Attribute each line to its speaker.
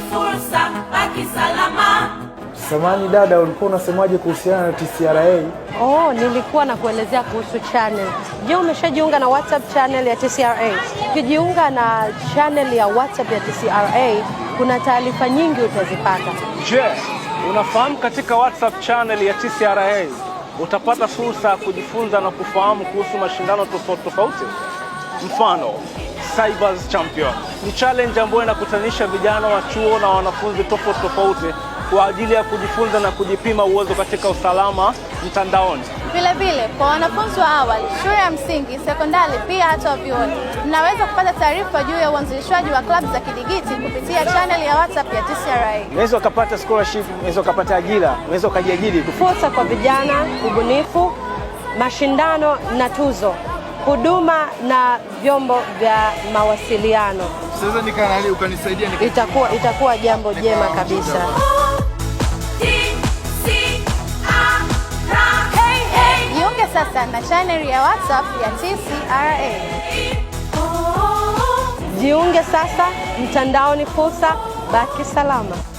Speaker 1: fursa, baki salama.
Speaker 2: Samani dada, ulikuwa unasemaje kuhusiana na TCRA?
Speaker 3: Oh, nilikuwa nakuelezea kuhusu channel. Je, umeshajiunga na WhatsApp channel ya TCRA? Ukijiunga na channel ya WhatsApp ya TCRA, kuna taarifa nyingi utazipata.
Speaker 4: Je, unafahamu katika WhatsApp channel ya TCRA utapata fursa ya kujifunza na kufahamu kuhusu mashindano tofauti tofauti, mfano Cybers Champion. Ni challenge ambayo inakutanisha vijana wa chuo na wanafunzi tofauti tofauti kwa ajili ya kujifunza na kujipima uwezo katika usalama mtandaoni.
Speaker 5: Vile vile kwa wanafunzi wa awali, shule ya msingi, sekondari, pia hata vyuoni, mnaweza kupata taarifa juu ya uanzishwaji wa klabu za kidigiti kupitia channel ya WhatsApp ya TCRA.
Speaker 6: Unaweza ukapata scholarship, unaweza ukapata ajira, unaweza ukajiajiri.
Speaker 3: Fursa kwa vijana, ubunifu, mashindano na tuzo huduma na vyombo vya mawasiliano.
Speaker 4: Sasa nikanali ukanisaidia nika...
Speaker 3: itakuwa, itakuwa jambo jema kabisa. Jiunge sasa na channel ya WhatsApp ya TCRA. Jiunge sasa mtandaoni, fursa, baki salama.